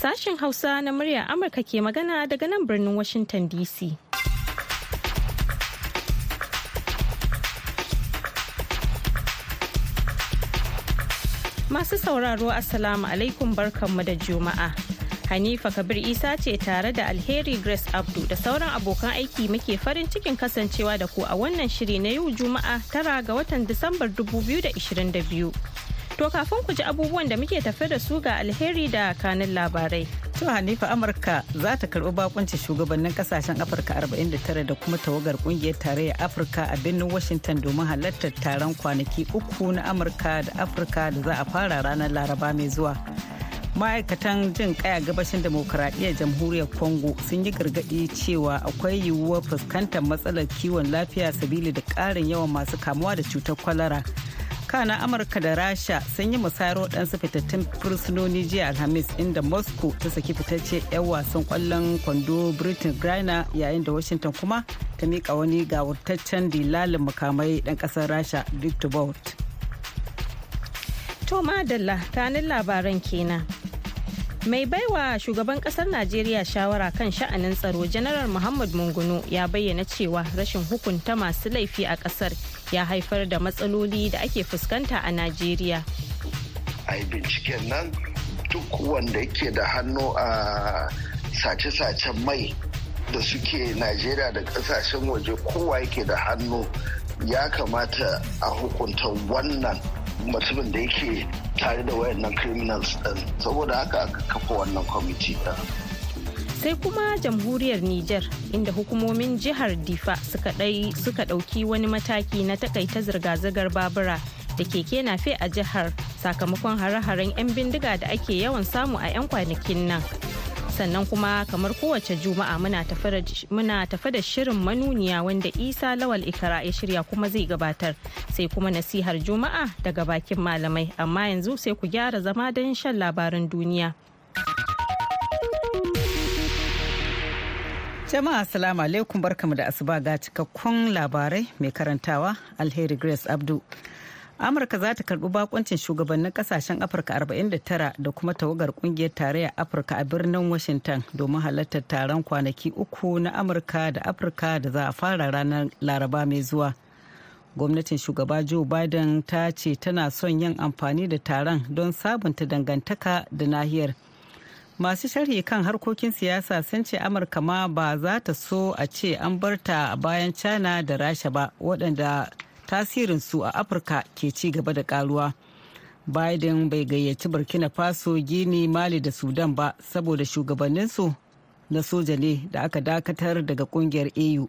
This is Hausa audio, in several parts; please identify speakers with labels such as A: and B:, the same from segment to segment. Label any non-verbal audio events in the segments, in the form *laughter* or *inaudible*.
A: Sashen Hausa na murya Amurka ke magana daga nan birnin Washington DC. Masu sauraro Assalamu alaikum barkanmu da Juma'a. Hanifa Kabir Isa ce tare da Alheri Grace Abdu da sauran abokan aiki muke farin cikin kasancewa da ku a wannan shiri na yau Juma'a tara ga watan Disambar 2022. To kafin ku ji abubuwan da muke tafe da su
B: ga alheri da kanin labarai. To Hanifa Amurka za ta karɓi bakuncin shugabannin kasashen Afirka 49 da kuma tawagar kungiyar tarayyar Afirka a birnin Washington domin halartar taron kwanaki uku na Amurka da Afirka da za a fara ranar Laraba mai zuwa. ma'aikatan jin kaya gabashin demokuraɗiyyar jamhuriyar congo sun yi gargaɗi cewa akwai yiwuwar fuskantar matsalar kiwon lafiya sabili da ƙarin yawan masu kamuwa da cutar kwalara kana amurka da rasha sun yi musayar waɗansu fitattun fursunoni jiya alhamis inda moscow ta saki fitacce 'yan wasan kwallon kwando britain griner yayin da washington kuma ta miƙa wani gawurtaccen dilalin mukamai ɗan ƙasar rasha victor bout
A: to madalla kanin labaran kenan mai baiwa shugaban kasar najeriya shawara kan sha'anin tsaro janaral muhammad mungunu ya bayyana cewa rashin hukunta masu laifi a kasar ya haifar da matsaloli da ake fuskanta a Najeriya.
C: Ai binciken nan duk wanda yake da hannu a sace-sacen mai da suke Najeriya da kasashen waje kowa yake da hannu ya kamata a hukunta wannan mutumin da yake tare da wayannan criminals din saboda haka aka kafa wannan kwamiti din.
A: sai kuma jamhuriyar Nijar inda hukumomin jihar Difa suka ɗauki wani mataki na takaita zirga-zirgar babura da keke na fe a jihar sakamakon hare-haren 'yan bindiga da ake yawan samu a 'yan kwanakin nan. Sannan kuma kamar kowace juma'a muna tafe da shirin manuniya wanda Isa Lawal Ikara ya shirya kuma zai gabatar sai kuma nasihar juma'a daga bakin malamai amma yanzu sai ku gyara zama don shan labaran
B: duniya. Jama'a assalamu alaikum barkamu da asuba ga cikakkun labarai mai karantawa Alheri Grace Abdu. Amurka za ta karbi bakuncin shugabannin kasashen Afirka 49 da kuma tawagar kungiyar tarayyar Afirka a birnin Washington domin halartar taron kwanaki uku na Amurka da Afirka da za a fara ranar Laraba mai zuwa. Gwamnatin shugaba Joe Biden ta ce tana son yin amfani da taron don sabunta dangantaka da nahiyar. masu sharhi kan harkokin siyasa sun ce amurka ma ba za ta so a ce an bar ta bayan china da rasha ba waɗanda tasirinsu a afirka ke ci gaba da karuwa biden bai gayyaci burkina faso gini mali da sudan ba saboda shugabanninsu na soja ne da aka dakatar daga kungiyar au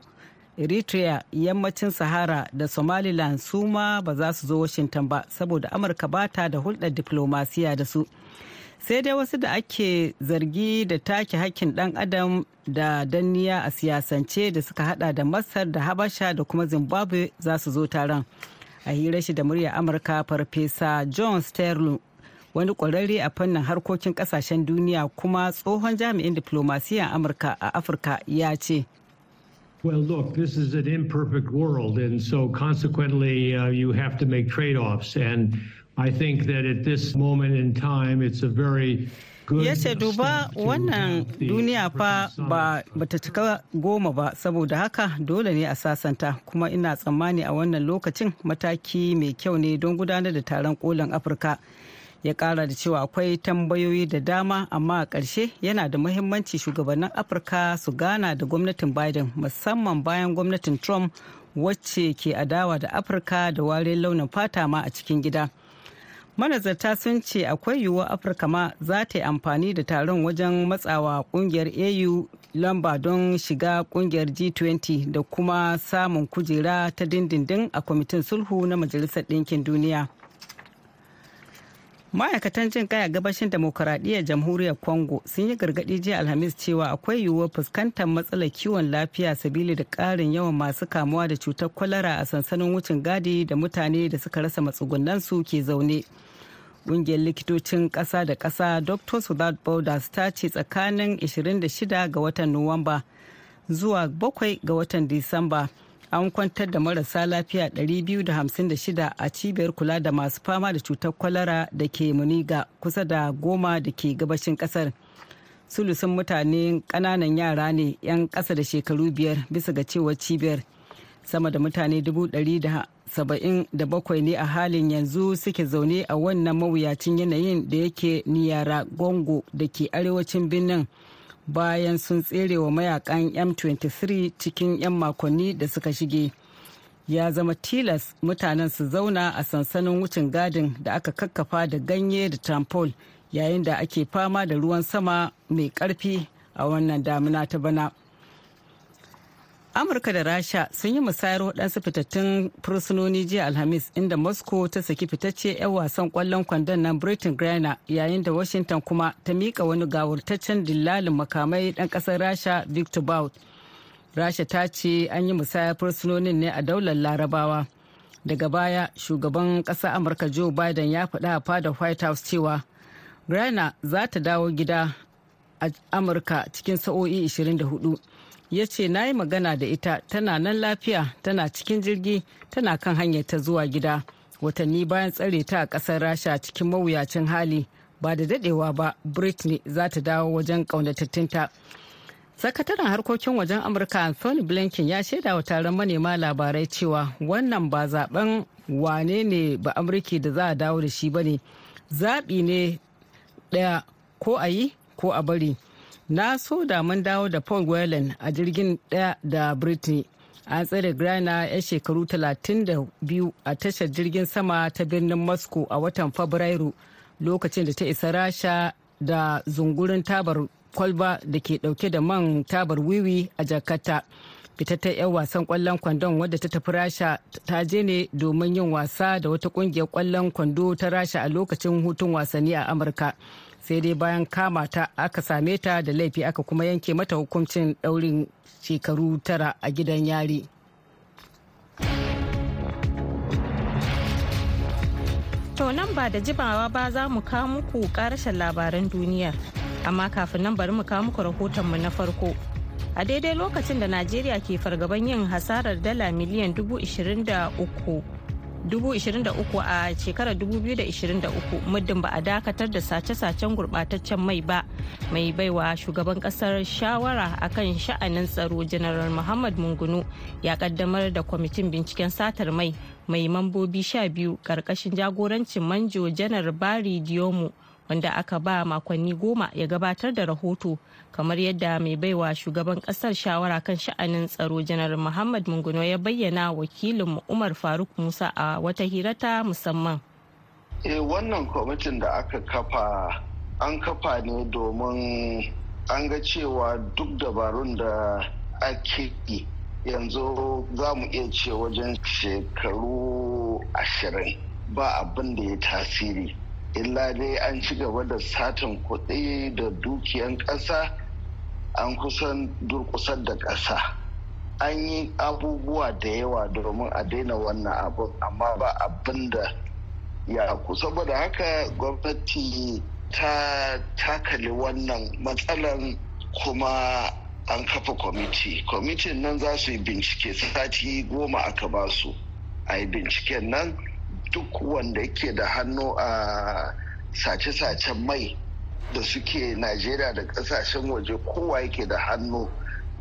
B: eritrea yammacin sahara da somaliland su ma ba za su zo washington ba saboda amurka ba ta da hulɗar diplomasiya da su sai dai wasu da ake zargi da take hakkin dan adam da danniya a siyasance da suka hada da masar da habasha da kuma zimbabwe za su zo taron a hira shi da murya amurka farfesa john sterling wani kwararre a fannin harkokin kasashen duniya kuma tsohon jami'in diplomasiyyar amurka a afirka ya
D: ce Well, look, this is an imperfect world, and so consequently, uh, you have to make trade offs. And I think that moment in time, it's a very ya ce duba wannan duniya fa
B: ba bata cika goma ba saboda haka dole ne a sasanta kuma ina tsammani a wannan lokacin mataki mai kyau ne don gudanar da taron kolin afirka ya kara da cewa akwai tambayoyi da dama amma a ƙarshe yana da muhimmanci shugabannin afirka su gana da gwamnatin biden musamman bayan gwamnatin trump wacce ke adawa da afirka da wariyar launin fata ma a cikin gida. manazarta sun ce akwai yiwuwa afirka ma za ta yi amfani da taron wajen matsawa kungiyar au lamba don shiga kungiyar g20 da kuma samun kujera ta dindindin a kwamitin sulhu na majalisar ɗinkin duniya ma'aikatan jin a gabashin demokuraɗiyyar jamhuriyar congo sun yi gargaɗi jiya alhamis cewa akwai yiwuwar fuskantar matsalar kiwon lafiya sabili da ƙarin yawan masu kamuwa da cutar kwalara a sansanin wucin gadi da mutane da suka rasa matsugunansu ke zaune Ƙungiyar likitocin ƙasa da ƙasa Doctors Without Borders ta ce tsakanin 26 ga watan Nuwamba zuwa 7 ga watan Disamba an kwantar da marasa lafiya 256 a cibiyar kula da masu fama da cutar kwalara da ke Muniga kusa da goma da ke gabashin ƙasar. Sulusun mutane ƙananan yara ne 'yan ƙasa da shekaru biyar bisa ga cewar cibiyar. sama da mutane saba'in da bakwai ne a halin yanzu suke zaune a wannan mawuyacin yanayin da yake niyara gongo da ke arewacin birnin bayan sun tserewa mayakan m23 cikin 'yan makonni da suka shige ya zama tilas mutanen su zauna a sansanin wucin gadin da aka kakkafa da ganye da tampol yayin da ake fama da ruwan sama mai karfi a wannan damina ta bana amurka da rasha sun yi musayar waɗansu fitattun fursunoni jiya alhamis inda moscow ta saki fitacce 'yan wasan kwallon kwandon nan britain griner yayin da washington kuma ta miƙa wani gawurtaccen dillalin makamai ɗan ƙasar rasha victor bout rasha ta ce an yi musayar fursunonin ne a daular larabawa daga baya shugaban ƙasa amurka joe biden ya faɗa a fadar white house cewa griner za ta dawo gida a amurka cikin sa'o'i 24 ya ce na yi magana da ita tana nan lafiya tana cikin jirgi tana kan hanyar ta zuwa gida watanni bayan tsare ta a ƙasar rasha cikin mawuyacin hali ba da dadewa ba britney za ta dawo wajen ƙaunatattunta sakataren harkokin wajen amurka anthony blinken ya shaida wa taron manema labarai cewa wannan ba zaben wane ne ba amurki da za a dawo da shi ba ne zaɓi ne ɗaya ko a yi ko a bari na so da mun dawo da paul whelan a jirgin daya da britain an tsare grana ya shekaru 32 a tashar jirgin sama ta birnin moscow a watan fabrairu lokacin da ta isa rasha da zungurin tabar kwalba da ke dauke da man tabar wiwi a jakarta ta 'yan wasan kwallon kwandon wadda ta tafi rasha ta je ne domin yin wasa da wata kungiyar kwallon kwando ta rasha a lokacin hutun wasanni a amurka sai dai bayan kama ta aka same ta da laifi aka kuma yanke mata hukuncin daurin shekaru tara a gidan yari
A: to nan ba da jibawa ba za mu kawo muku karashen labaran duniya amma kafin nan bari mu kawo muku rahotonmu na farko a daidai lokacin da najeriya ke fargaban yin hasarar dala miliyan dubu uku. 23,000 a shekarar 2023 muddin ba a dakatar da sace-sacen gurbataccen mai ba mai baiwa shugaban kasar shawara akan sha'anin tsaro janar muhammad mungunu ya kaddamar da kwamitin binciken satar mai mai mambobi 12 karkashin jagorancin manjo janar bari diomu wanda aka ba makonni goma ya gabatar da rahoto kamar yadda mai baiwa shugaban kasar shawara kan sha'anin tsaro janar muhammad munguno ya bayyana wakilin umar faruk musa a wata hirata musamman
C: e wannan kwamitin da aka kafa an kafa ne domin an ga cewa duk dabarun da ake yi yanzu za mu iya ce wajen shekaru ashirin ba abin da ya tasiri illa dai an ci gaba da satin kuɗi da dukiyan ƙasa an kusan durƙusar da ƙasa an yi abubuwa da yawa domin a daina wannan abin amma ba abin da ya ku saboda haka gwamnati ta takali wannan matsalan kuma an kafa kwamiti kwamitin nan za su yi bincike sati goma aka ba su a yi binciken nan duk wanda yake da hannu a sace-sacen mai da suke najeriya da kasashen waje kowa yake da hannu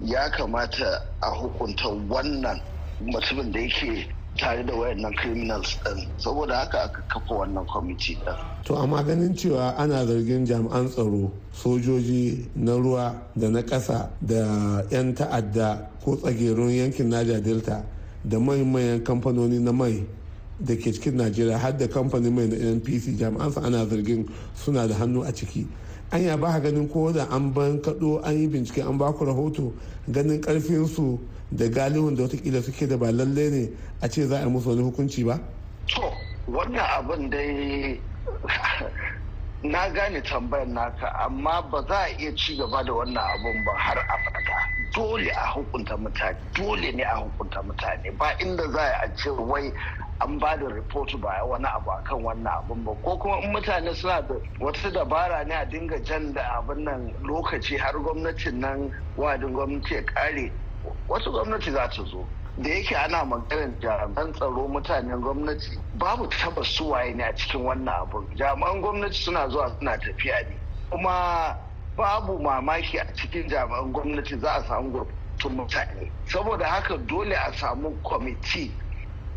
C: ya kamata a hukunta wannan mutumin da yake tare da wayannan criminals din saboda haka aka kafa wannan kwamiti din to
E: amma ganin cewa ana zargin jami'an tsaro sojoji na ruwa da na ƙasa da 'yan ta'adda ko tsagerun yankin naja delta da mai kamfanoni na mai da ke cikin najeriya har da kamfanin mai na npc jami'ansa ana zargin suna da hannu a ciki an ya ba ganin ko da an ban kado an yi bincike an baku rahoto ganin ƙarfinsu da galihun da watakila suke da ba lallai ne a ce za a musu wani hukunci ba?
C: to wannan abin dai *laughs* na gane tambayar naka amma ba za a iya ci gaba da wannan abun ba har a abada dole a hukunta mutane dole ne a hukunta mutane ba inda za a ce wai an ba da report ba wani abu akan wannan abun ba ko kuma in mutane suna da wasu dabara ne a dinga jan da abin nan lokaci har gwamnatin nan wadin gwamnati ya kare wasu gwamnati za ta zo da yake ana maganar jami'an tsaro mutanen gwamnati babu taba suwaye ne a cikin wannan abun jami'an gwamnati suna zuwa suna tafiya ne kuma babu mamaki a cikin jami'an gwamnati za a samu gurbatun mutane saboda haka dole a samu kwamiti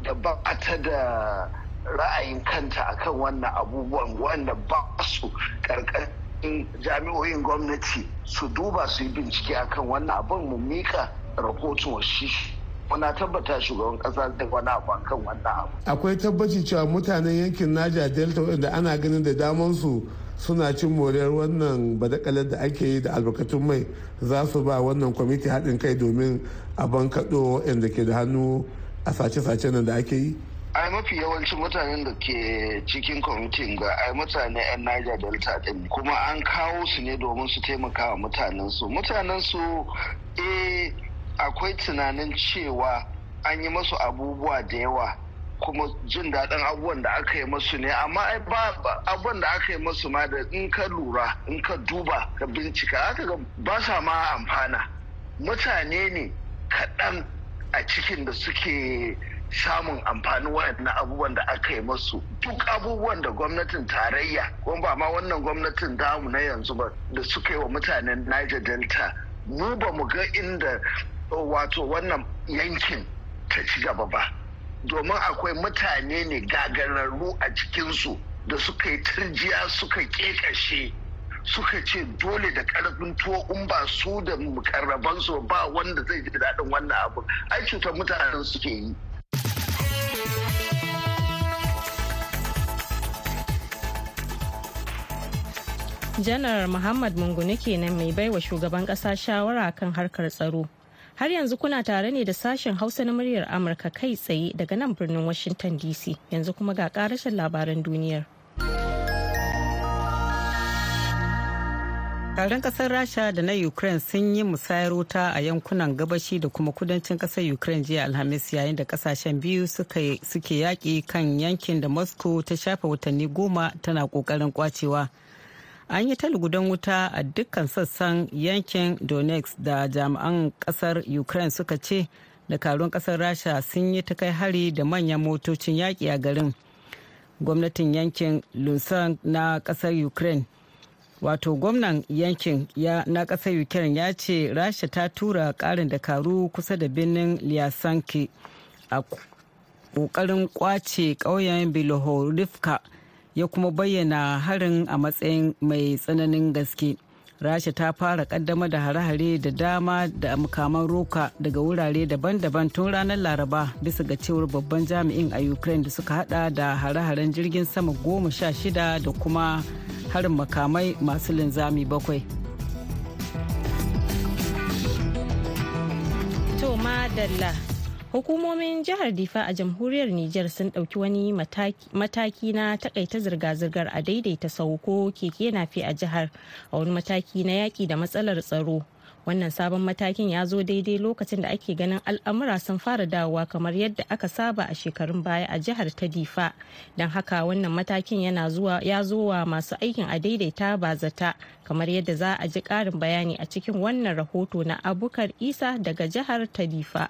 C: da ba ta da ra'ayin kanta akan wannan abubuwan wanda ba su karkashin jami'oyin gwamnati su duba su yi bincike akan wannan abin mu mika rahoton shi muna tabbata shugaban kasa da wani abu akan wannan abu
D: akwai
E: tabbaci cewa mutanen yankin naja delta wanda ana ganin da damansu suna cin moriyar wannan badakalar da ake yi da albarkatun mai za su ba wannan kwamiti haɗin kai domin a bankaɗo waɗanda ke da hannu a sace-sace nan da ake yi
C: ai mafi yawancin mutanen da ke cikin kwamitin ga ai mutane 'yan niger delta din kuma an kawo su ne domin su taimaka wa mutanen su mutanen su eh akwai tunanin cewa an yi masu abubuwa da yawa kuma jin daɗin abubuwan da aka yi masu ne amma abubuwan da aka yi masu ma da in ka lura in ka duba ka bincika aka ga ba sa ma amfana mutane ne kaɗan a cikin da suke samun amfani waɗannan abubuwan da aka yi masu duk abubuwan da gwamnatin tarayya kuma ba ma wannan gwamnatin damu na yanzu ba da suka yi wa mutanen niger delta mu ba mu ga inda wato wannan yankin ta ci gaba ba domin akwai mutane ne gagararru a cikinsu da suka yi turjiya suka kekashe suka ce dole da karfin tuwo in ba su da mukarraban su ba wanda zai ji daɗin wannan abu ai cutar mutanen suke yi
A: janar muhammad munguni kenan mai baiwa shugaban ƙasa shawara kan harkar tsaro har yanzu kuna tare ne da sashen hausa na muryar amurka kai tsaye daga nan birnin washington dc yanzu kuma ga ƙarashin labaran duniyar
B: taron kasar rasha da na ukraine sun yi musayar wuta a yankunan gabashi da kuma kudancin kasar ukraine jiya alhamis yayin da kasashen biyu suke yaƙi kan yankin da moscow ta shafe watanni goma tana ƙoƙarin kwacewa an yi talgudan wuta a dukkan sassan yankin donetsk da jami'an kasar ukraine suka ce dakarun kasar rasha sun yi ta kai hari da manyan motocin yaƙi a garin gwamnatin yankin lunsan na kasar ukraine wato gwamnan yankin ya na ƙasar ukraine ya ce rasha ta tura ƙarin dakaru kusa da birnin liasanki a kokarin kwace kauyen bilohorivka ya kuma bayyana harin a matsayin mai tsananin gaske rasha ta fara kaddama da hare-hare da dama da mukaman roka daga wurare daban-daban tun ranar laraba bisa ga cewar babban jami'in a ukraine da suka hada da hare-haren jirgin sama goma sha shida da kuma harin makamai masu linzami bakwai.
A: To madalla hukumomin jihar difa a jamhuriyar niger sun dauki wani mataki na takaita zirga-zirgar a daidaita sauko keke fi a jihar a wani mataki na yaki da matsalar tsaro wannan sabon matakin ya zo daidai lokacin da ake ganin al'amura sun fara dawowa kamar yadda aka saba a shekarun baya a jihar ta difa don haka wannan matakin yana zuwa ya zo wa masu aikin a daidaita zata kamar yadda za a ji karin bayani a cikin wannan rahoto na abukar isa daga jihar ta difa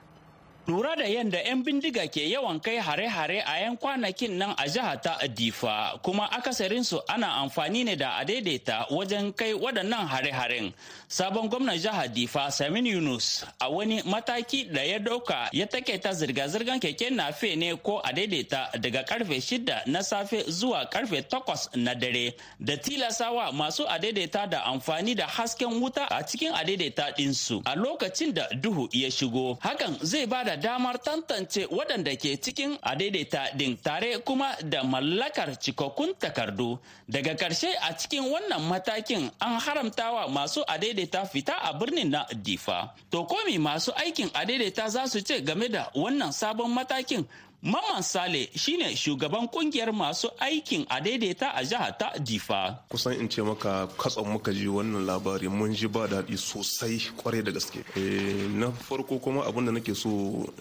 F: Lura da yadda 'yan bindiga ke yawan kai hare-hare a 'yan kwanakin nan a jiha ta Difa kuma akasarinsu ana amfani ne da adaidaita wajen kai waɗannan hare-haren. Sabon gwamnan jihar Difa Samin Yunus a wani mataki da ya ɗauka ya take ta zirga-zirgar keke nafe ne ko adaidaita daga karfe shida na safe zuwa karfe takwas na dare da tilasawa masu adaidaita da amfani da hasken wuta a cikin adaidaita ɗinsu a lokacin da duhu ya shigo. Hakan zai bada. da damar tantance waɗanda ke cikin a daidaita din tare kuma da mallakar cikakkun takardu. Daga ƙarshe a cikin wannan matakin an haramtawa masu a daidaita fita a birnin na Difa. To komi masu aikin a daidaita za su ce game da wannan sabon matakin Mamman Sale shine shugaban kungiyar masu aikin a daidaita a jiha ta Difa.
G: Kusan in ce maka katsan muka ji wannan labari mun ji ba daɗi sosai kwarai da gaske. Eh, na farko kuma abin da nake so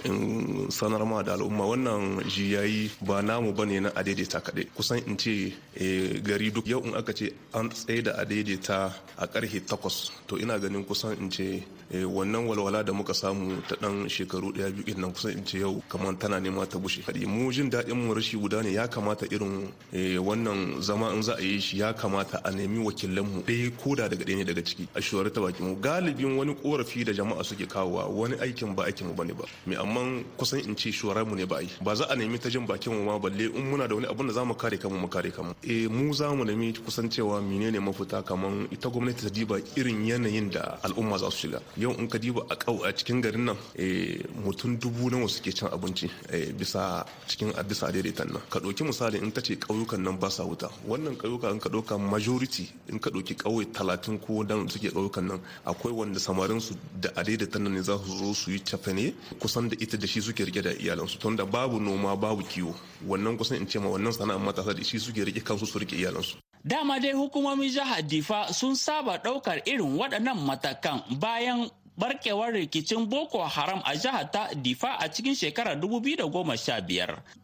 G: in sanar ma da al'umma wannan ji yayi ba namu bane na a daidaita kaɗai. Kusan in ce eh, gari duk yau in aka ce an tsaye da a daidaita a karhe takwas to ina ganin kusan in ce eh, wannan walwala da muka samu ta ɗan shekaru ɗaya biyu kusan in ce yau kamar tana nema ta bushe shi kadi mu jin daɗin mu rashi guda ne ya kamata irin eh, wannan zama in za a yi shi ya kamata a nemi wakilan mu eh, ko koda daga ɗaya ne daga ciki a shuwar ta baki mu galibin wani korafi da jama'a suke kawowa wani aikin ba aikin mu bane ba me amma kusan in ce shuwar mu ne ba yi ba za a nemi ta jin bakin mu ma balle in muna da wani abun da zamu kare kanmu mu kare kanmu eh mu za mu nemi kusan cewa menene mafita kaman ita gwamnati ta diba irin yanayin da al'umma za su shiga yau in ka diba a kau a cikin garin nan eh, mutum dubu nawa suke cin abinci bisa a cikin da daidaitan nan ka ɗauki misali in ka ce ƙauyukan nan ba sa wuta wannan ƙauyuka in ka ɗauka majority in ka ɗauki ƙauye talatin ko da suke ƙauyukan nan akwai wanda samarin su da daidaitan nan ne za su zo su yi ne kusan da ita da shi suke rike da iyalansu tun da babu noma babu kiwo wannan kusan in ce ma wannan sana'ar matasa da shi suke rike kansu su rike iyalansu
F: dama dai hukumomin jihar difa sun saba ɗaukar irin waɗannan matakan bayan barkewar rikicin boko haram a jihar ta difa a cikin shekarar 2015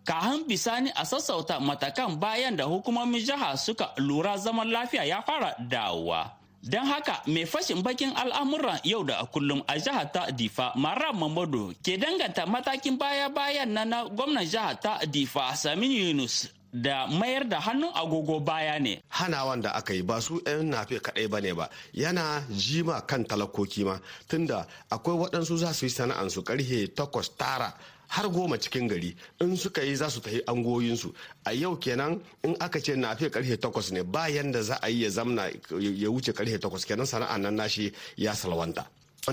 F: kahan bisani a sassauta matakan bayan da hukumomin jiha suka lura zaman lafiya ya fara dawowa don haka mai fashin bakin al'amuran yau da kullum a jihar ta difa mara mamadu ke danganta matakin baya-bayan na gwamnan jihar ta difa samin yunus da mayar da hannun agogo baya ne. Hanawan da aka yi ba su 'yan nafe
E: kaɗai ba ne ba yana jima kan talakoki ma tunda akwai waɗansu za su yi sana'ansu karhe takwas tara har goma cikin gari in suka yi za su tafi angoyinsu a yau kenan in aka ce na fiye karfe takwas ne bayan da za a yi ya zamna ya wuce karfe takwas kenan sana'an nan nashi ya salwanta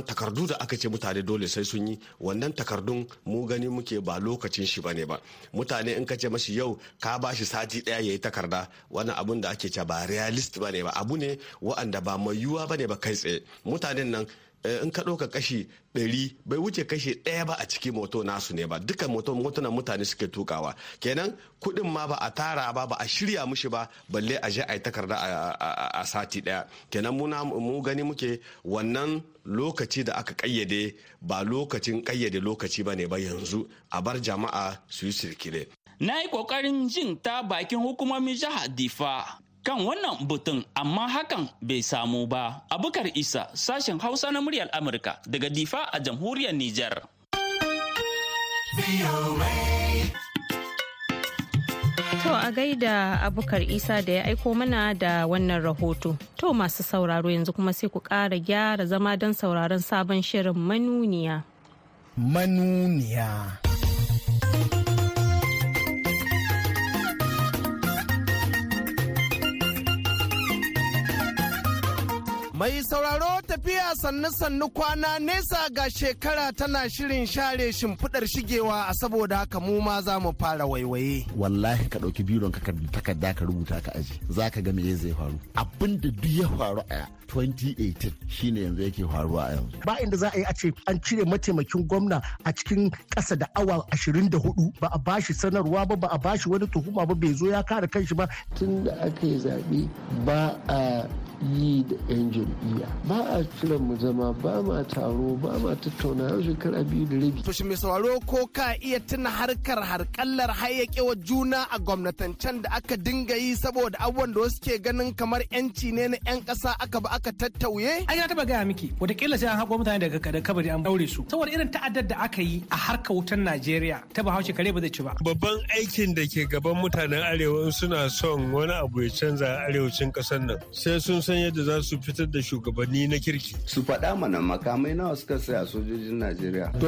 E: takardu da aka ce mutane dole sai sun yi wannan takardun mu gani muke ba lokacin shi bane ba mutane in ka ce mashi yau ka ba shi sati daya yayi takarda wannan abun da ake ce ba realist bane ba abu ne wa'anda ba mai yuwa bane ba kai tsaye mutanen nan Eh, in ka ɗauka kashi ɗari bai wuce kashi ɗaya ba a cikin moto nasu ne ba dukkan moto motunan mutane suke tukawa kenan kuɗin ma ba a tara ba ba a shirya mushi ba balle a je a yi takarda a sati ɗaya kenan muna mu gani muke wannan lokaci da aka ƙayyade ba lokacin ƙayyade lokaci ba ne ba yanzu a bar jama'a su yi sirkire.
F: na yi kokarin jin ta bakin hukumomin jihar difa kan wannan butun amma hakan bai samu ba. Abukar Isa sashen Hausa na muryar Amurka daga Difa a jamhuriyar Nijar.
A: To a gaida abukar isa da ya aiko mana da wannan rahoto. To masu sauraro yanzu kuma sai ku ƙara gyara zama don sauraron sabon shirin manuniya.
D: Manuniya.
H: Mai sauraro tafiya sannu-sannu kwana nesa ga shekara tana
I: shirin share shimfiɗar shigewa a saboda haka mu ma za mu fara waiwaye. Wallahi ka ɗauki biron ka takarda ka rubuta ka aji za ka ga me zai faru. Abin da duk ya faru a 2018 shine yanzu yake faruwa a yanzu
D: ba inda za a yi a ce an cire mataimakin gwamna a cikin ƙasa da awa 24 ba a bashi sanarwa ba ba a bashi wani tuhuma ba bai zo ya kare kanshi ba tun da aka yi zaɓe ba a yi da 'yan jam'iyya ba a kiran mu zama ba ma taro ba ma tattauna yau shekara biyu da
H: rabi. Tushe mai sauraro ko ka iya tuna harkar harƙallar hayyakewa juna a gwamnatancen da aka dinga yi saboda abubuwan da wasu ke ganin kamar 'yanci ne na 'yan ƙasa
D: aka ba aka tattauye? Ai ta taba gaya miki wataƙila sai an haƙo mutane daga kabari an daure su saboda irin ta'addar da aka yi a harkar wutan Najeriya ta bahaushe kare ba zai ci ba. Babban aikin da ke gaban
E: mutanen arewa suna son wani abu ya canza a arewacin ƙasar nan sai sun san yadda za su fitar da shugabanni na kirki.
I: Su faɗa mana makamai nawa suka saya sojojin Najeriya.
E: To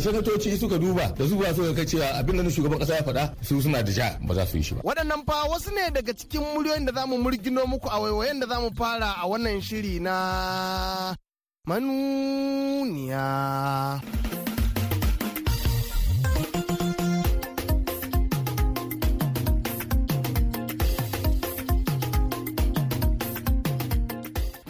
E: sanatoci suka duba da ba su ga cewa abin da shugaban ƙasa ya faɗa su suna da ja ba
G: za su yi shi ba.
H: Waɗannan fa wasu ne daga cikin muryoyin da za mu murgino muku a waiwayen da za mu fara a wannan shiri na manuniya.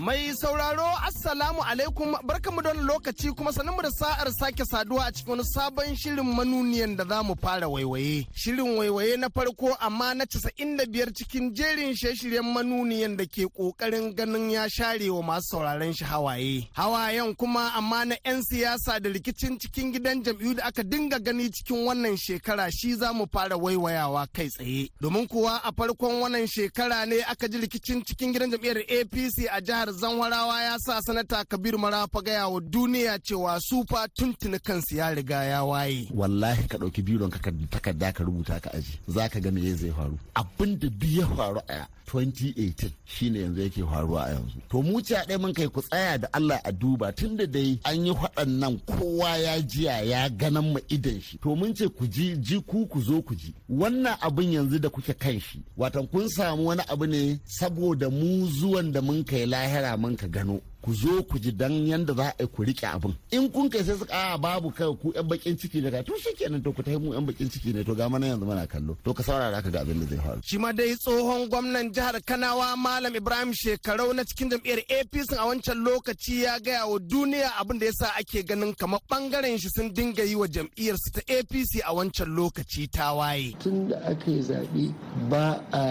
H: Mai sauraro Assalamu alaikum barkamu don lokaci kuma mu da sa'ar sake saduwa a cikin wani sabon shirin manuniyan da za mu fara waiwaye. Shirin waiwaye na farko amma na casa'in da biyar cikin jerin shirye-shiryen manuniyan da ke kokarin ganin ya share wa masu sauraron shi hawaye. Hawayen kuma amma na 'yan siyasa da rikicin cikin gidan jam'iyyu da aka dinga gani cikin wannan shekara shi za mu fara waiwayawa kai tsaye. Domin kuwa a farkon wannan shekara ne aka ji rikicin cikin gidan jam'iyyar APC a jihar Zanwarawa ya sa sanata kabir marafa gaya wa duniya cewa su fa tuntuni
I: kansu ya riga ya waye wallahi ka ɗauki biron ka takarda ka rubuta ka aji za ka ga me zai faru abin da biyu ya faru a 2018 shine yanzu yake faruwa a yanzu to mu ci ɗaya mun kai ku tsaya da Allah a duba tunda dai an yi nan kowa ya jiya ya ganan ma idan shi to mun ce ku ji ji ku ku zo ku ji wannan abin yanzu da kuke kan shi watan kun samu wani abu ne saboda mu zuwan da mun kai lahira mun ka gano ku zo ku ji dan yanda za a ku rike abin in kun kai sai suka a babu kai ku yan bakin ciki ne to nan to ku tafi mu yan bakin ciki ne to ga mana yanzu muna kallo to ka saurara ka ga abin da zai faru shi
H: ma dai tsohon gwamnan jihar Kanawa Malam Ibrahim Shekarau na cikin jam'iyyar APC a wancan lokaci ya gaya wa duniya abin da yasa ake ganin kamar bangaren shi sun dinga yi wa jam'iyyar su ta APC a wancan lokaci ta waye
D: tun da aka yi zaɓe ba a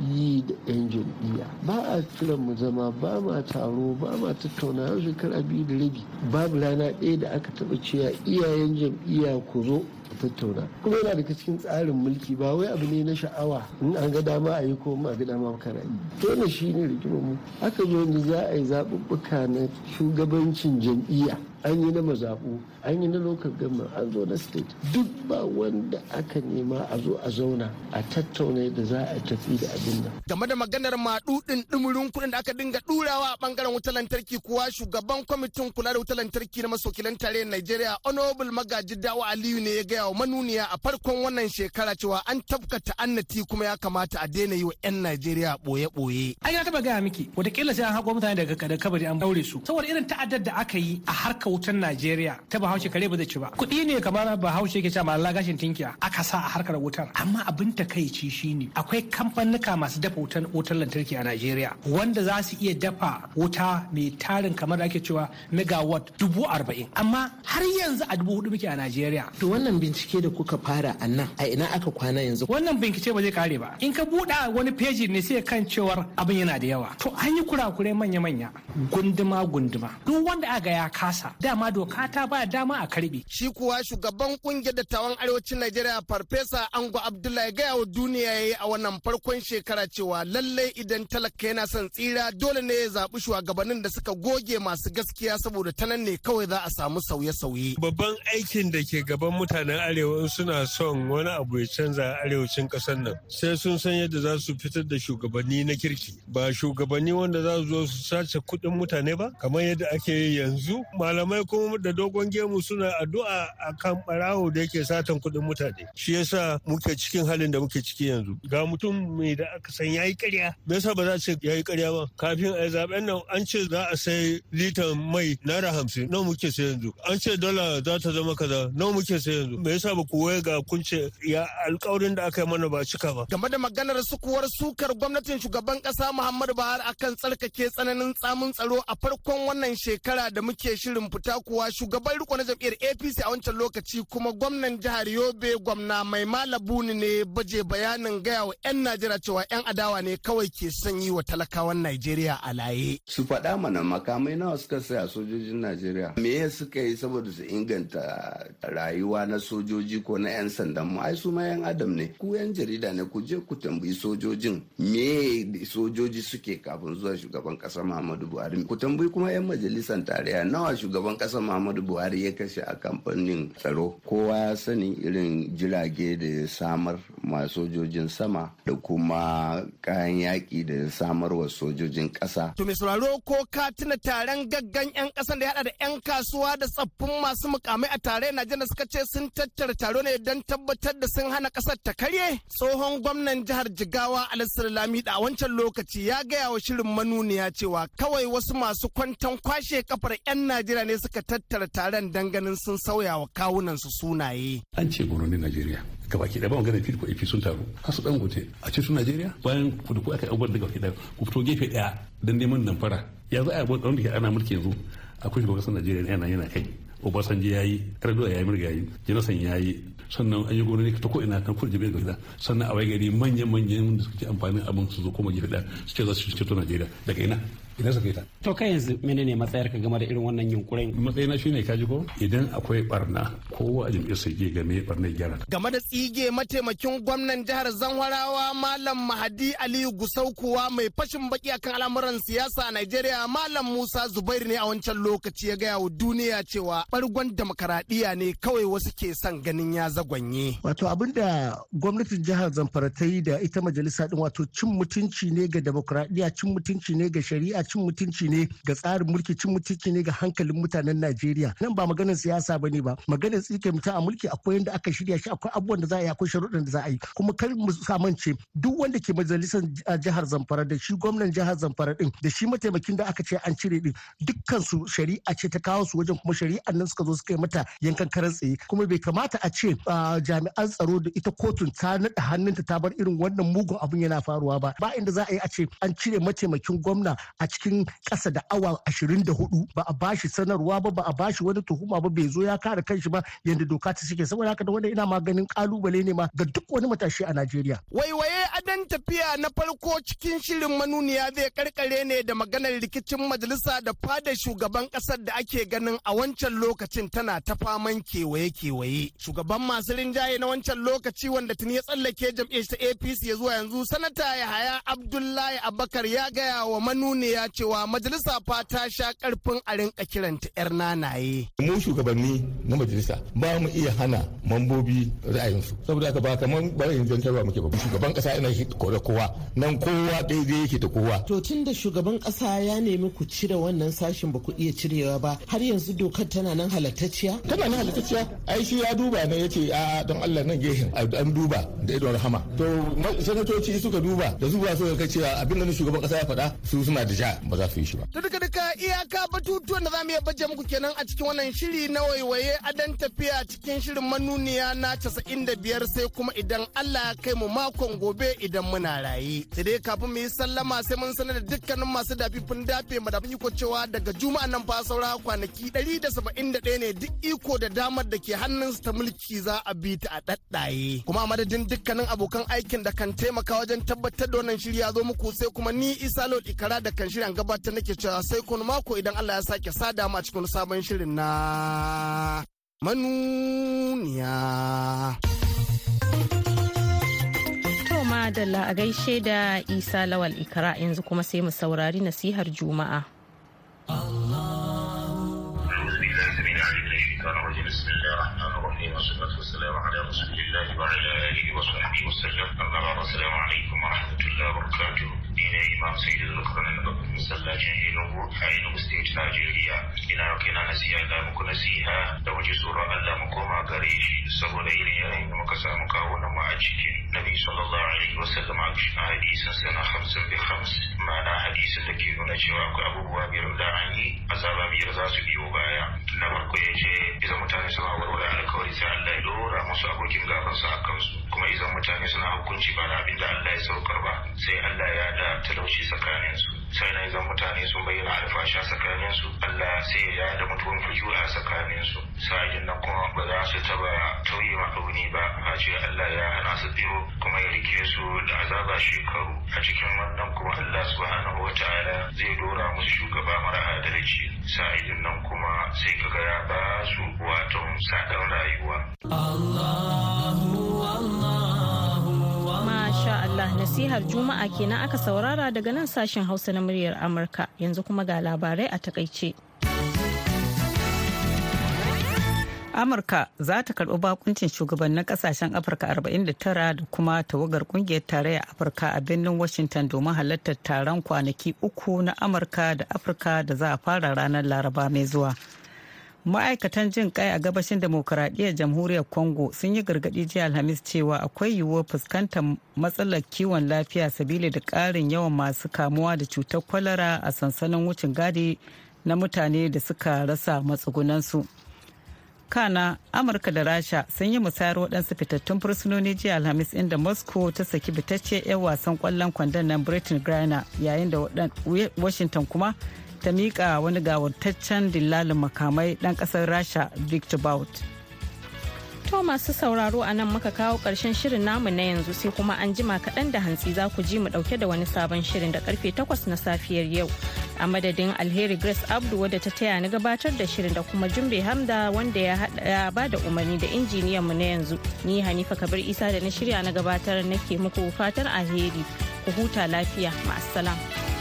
D: yi e da 'yan jam'iyya ba a kiran mu zama ba ma taro ba ma tattauna yau shekara biyu da rabi babu rana ɗaya da aka taɓa cewa iyayen jam'iyya ku zo tattauna kuma yana daga cikin tsarin mulki ba wai abu ne na sha'awa in an ga dama a yi ko ma ga dama kana yi to na shi ne rigimar mu aka zo ni za a yi zaɓuɓɓuka na shugabancin jam'iyya an yi na mazaɓu an yi na local government an zo na state duk ba wanda aka nema a zo a zauna a tattauna da za a tafi da abin nan
H: game da maganar maɗuɗin ɗumurin kuɗin da aka dinga ɗurawa a ɓangaren wutar lantarki kuwa shugaban kwamitin kula da wutar lantarki na masokilan tarayyar Najeriya honorable magaji dawa aliyu ne ya gaya wa manuniya a farkon wannan shekara cewa an tabkata
D: annati kuma ya kamata a daina yi wa 'yan Najeriya
H: ɓoye-ɓoye.
D: Ai na taɓa gaya miki watakila sai an haƙo mutane daga kabari an daure su saboda irin ta'addar da aka yi a harkar Wutar Najeriya ta Bahaushe kare ba zai ci ba kuɗi ne kamar Bahaushe yake cewa malla gashin tinkiya aka sa a harkar wutar amma abin ta takaici shine akwai kamfanuka masu dafa wutan wutar lantarki a Najeriya wanda za su iya dafa wuta mai tarin kamar ake cewa megawatt dubu arba'in amma har yanzu a dubu hudu muke a Najeriya. To wannan bincike da kuka fara a nan a ina aka kwana yanzu. Wannan bincike ba zai kare ba in ka buɗa wani feji ne sai kan cewar abin yana da yawa. To an yi kurakurai manya-manya gunduma gunduma duk wanda aka ya kasa dama doka ta ba dama a karbe.
H: Shi kuwa shugaban kungiyar dattawan arewacin Najeriya Farfesa Ango Abdullahi gaya wa duniya ya a wannan farkon shekara cewa lallai idan talaka yana son tsira dole ne ya zaɓi shugabannin da suka goge masu gaskiya saboda ta nan ne kawai za a samu sauye-sauye.
E: Babban aikin da ke gaban mutanen arewa suna son wani abu ya canza arewacin ƙasar nan sai sun san yadda za su fitar da shugabanni na kirki ba shugabanni wanda za su zo su sace kuɗin mutane ba kamar yadda ake yanzu malamai malamai kuma da dogon gemu suna addu'a a kan barawo da yake satan kuɗin mutane shi yasa muke cikin halin da muke ciki yanzu ga mutum mai da aka san yi ƙarya me yasa ba za a ce yi ƙarya ba kafin a zaben nan an ce za a sai litan mai naira hamsin nawa muke sai yanzu an ce dala za ta zama kaza nawa muke sai yanzu me yasa ba ku waye ga kun ce ya alƙawarin da aka yi mana ba cika ba game da maganar sukuwar sukar gwamnatin shugaban ƙasa Muhammadu Buhari akan tsarkake tsananin
H: tsamin tsaro a farkon wannan shekara da muke shirin fita kuwa shugaban riko na jam'iyyar apc a wancan lokaci kuma gwamnan jihar yobe gwamna mai malabuni ne baje bayanin gaya wa 'yan najeriya cewa 'yan adawa ne kawai ke sanyi wa talakawan najeriya a laye
I: su faɗa mana makamai nawa suka saya sojojin najeriya me ya suka yi saboda su inganta rayuwa na sojoji ko na 'yan sandan mu ai su ma 'yan adam ne ku 'yan jarida ne ku je ku tambayi sojojin me sojoji suke kafin zuwa shugaban kasa muhammadu buhari ku tambayi kuma 'yan majalisar tarayya nawa shugaban shugaban kasa muhammadu buhari ya kashe a kamfanin tsaro kowa ya sani irin jirage da ya samar ma sojojin sama da kuma kayan yaƙi da ya samar wa sojojin ƙasa.
H: to mai sauraro ko ka tuna taron gaggan 'yan ƙasan da ya haɗa da 'yan kasuwa da tsaffin masu mukamai a tare na jana suka ce sun tattara taro ne don tabbatar da sun hana ƙasar ta karye tsohon gwamnan jihar jigawa alassar lamida a wancan lokaci ya gaya wa shirin manuniya cewa kawai wasu masu kwantan kwashe kafar 'yan najeriya ne mutane suka tattara taron danganin sun sauya wa kawunansu sunaye.
G: An ce gwamnonin Najeriya baki ɗaya ba magana fit ko ifi sun taru hasu dan gote a ce su Najeriya bayan kudu ko aka abubuwan daga gabaki ɗaya ku fito gefe ɗaya don neman nan fara ya za a yi abubuwan da ke ana mulki yanzu akwai shugaban ƙasar Najeriya yana yana kai obasanje ya yi Yar'adua ya yi Mirga ya yi Jinasan ya yi sannan an yi gwamnati ta ko'ina kan kudu jami'ar gida sannan a wai gari manyan manyan da suke amfanin abin su zo kuma gefe ɗaya su ce za su ceto Najeriya daga ina idan suka yi ta.
F: To kai yanzu menene matsayar ka game da irin wannan yunkurin? Matsayina shine ka ji ko
G: idan akwai barna kowa a jam'iyyar su ke game barna gyara ta.
H: Game da tsige mataimakin gwamnan jihar Zanwarawa Malam Mahadi Aliyu Gusau kuwa mai fashin baki akan al'amuran siyasa a Najeriya Malam Musa Zubair ne a wancan lokaci ya gaya wa duniya cewa bargon demokaradiyya ne kawai wasu ke son ganin ya zagwanye.
D: Wato abinda gwamnatin jihar Zamfara ta yi da ita majalisa din wato cin mutunci ne ga demokaradiyya cin mutunci ne ga shari'a cin mutunci ne ga tsarin mulki cin mutunci ne ga hankalin mutanen Najeriya nan ba maganar siyasa bane ba maganar tsike mutum a mulki akwai yanda aka shirya shi akwai abubuwan da za a yi akwai sharuɗan da za a yi kuma kar mu samance duk wanda ke majalisar jihar Zamfara da shi gwamnan jihar Zamfara din da shi mataimakin da aka ce an cire din dukkan su shari'a ce ta kawo su wajen kuma shari'an nan suka zo suka yi mata yankan karan tsaye kuma bai kamata a ce jami'an tsaro da ita kotun ta naɗa hannunta ta bar irin wannan mugun abun yana faruwa ba ba inda za a yi a ce an cire mataimakin gwamna a cikin ƙasa da awa 24 ba a bashi sanarwa ba ba a bashi wani tuhuma ba bai zo ya kare kanshi ba yadda doka ta suke saboda haka da wanda ina maganin kalubale ne ma ga duk wani matashi a Najeriya.
H: Waiwaye adan tafiya na farko cikin shirin manuniya zai karkare ne da maganar rikicin majalisa da fada shugaban ƙasar da ake ganin a wancan lokacin tana ta faman kewaye-kewaye. Shugaban masu rinjaye na wancan lokaci wanda tuni ya tsallake jam'iyyar APC ya zuwa yanzu sanata Yahaya Abdullahi Abubakar ya gaya wa manuniya cewa majalisa fa ta sha karfin a rinka kiranta 'yar nanaye.
E: Mu shugabanni na majalisa ba mu iya hana mambobi ra'ayinsu saboda haka ba kamar yin jantarwa muke ba shugaban kasa yana shi kore kowa nan kowa daidai yake da kowa.
D: To tun da shugaban kasa ya nemi ku cire wannan sashin ba ku iya cirewa ba har yanzu dokar tana nan halattacciya? Tana nan halattacciya
E: ai shi ya duba ne ya ce a don Allah nan gehin an duba da ido rahama. To sanatoci suka duba da zuwa suka kai cewa abin da shugaban kasa ya faɗa su suna da ja
G: ba za su yi shi ba.
H: duka duka iyaka batutuwan da za mu iya baje muku kenan a cikin wannan shiri na waiwaye adan tafiya cikin shirin manuniya na casa'in da biyar sai kuma idan Allah ya kai mu makon gobe idan muna raye. Sai dai kafin mu yi sallama sai mun sanar da dukkanin masu dafifin dafe madafin iko cewa daga juma'a nan fa saura kwanaki ɗari da saba'in da ɗaya ne duk iko da damar da ke hannun su ta mulki za a bi ta a ɗaɗɗaye. Kuma a madadin dukkanin abokan aikin da kan taimaka wajen tabbatar da wannan shiri ya zo muku sai kuma ni Isa Lord Ikara da kan shirya shirya gabatar nake cewa sai kun mako idan Allah ya sake sada mu a cikin sabon shirin na manuniya. Toma
A: Dalla a gaishe da Isa Lawal Ikra yanzu kuma sai mu saurari nasihar Juma'a.
C: السلام عليكم ورحمة الله وبركاته ni ne imam sai da zulkarni na babban masallacin enugu a state nigeria ina yau na nasiha da muku nasiha da waje tsoron allah mu koma gare shi saboda irin yanayin da muka samu kawo na a cikin nabi sallallahu alaihi wasallam a cikin hadisin sana hamsin bi hams ma'ana hadisin da ke nuna cewa akwai abubuwa biyar da an yi azaba biyar za su biyo baya na farko ya ce idan mutane suna warware alkawari sai allah ya dora musu abokin gabansu a kansu kuma idan mutane suna hukunci ba da abin da allah ya saukar ba sai allah ya da talauci tsakanin su sai zan mutane sun bayyana
B: alfasha tsakanin su Allah sai ya da mutuwan fujura tsakanin su sa'in nan kuma ba za su taba tauye ma'auni ba a ce Allah ya hana su biyo kuma ya rike su da azaba shekaru a cikin wannan kuma Allah subhanahu wa ta'ala zai dora musu shugaba mara adalci sa'in nan kuma sai kaga ya ba su wato sadan rayuwa Allahu
A: Allah nasihar juma'a kenan aka saurara daga nan sashen hausa na muryar amurka yanzu kuma ga labarai a takaice
B: amurka za ta karɓi bakuncin shugabannin kasashen afirka 49 da kuma tawagar kungiyar tarayya afirka a birnin washington domin halartar taron kwanaki uku na amurka da afirka da za a fara ranar laraba mai zuwa ma'aikatan jin kai a gabashin demokuraɗiyyar jamhuriyar congo sun yi gargaɗi jiya alhamis cewa akwai yiwuwar fuskantar matsalar kiwon lafiya sabili da ƙarin yawan masu kamuwa da cutar kwalara a sansanin wucin gadi na mutane da suka rasa matsugunansu kana amurka da rasha sun yi musayar waɗansu fitattun fursunoni jiya alhamis inda moscow ta saki fitacce 'yan wasan kwallon kwandon nan britain griner yayin da washington kuma ta mika wani gawurtaccen dillalin makamai ɗan ƙasar rasha victor bout
A: to masu sauraro a nan muka kawo ƙarshen shirin namu na yanzu sai kuma an jima kaɗan da hantsi za ku ji mu ɗauke da wani sabon shirin da karfe 8 na safiyar yau a madadin alheri grace abdu wadda ta taya ni gabatar da shirin da kuma jumbe hamda wanda ya ba da umarni da injiniyan mu na yanzu ni hanifa kabir isa da na shirya na gabatar nake muku fatan alheri ku huta lafiya ma'assalam.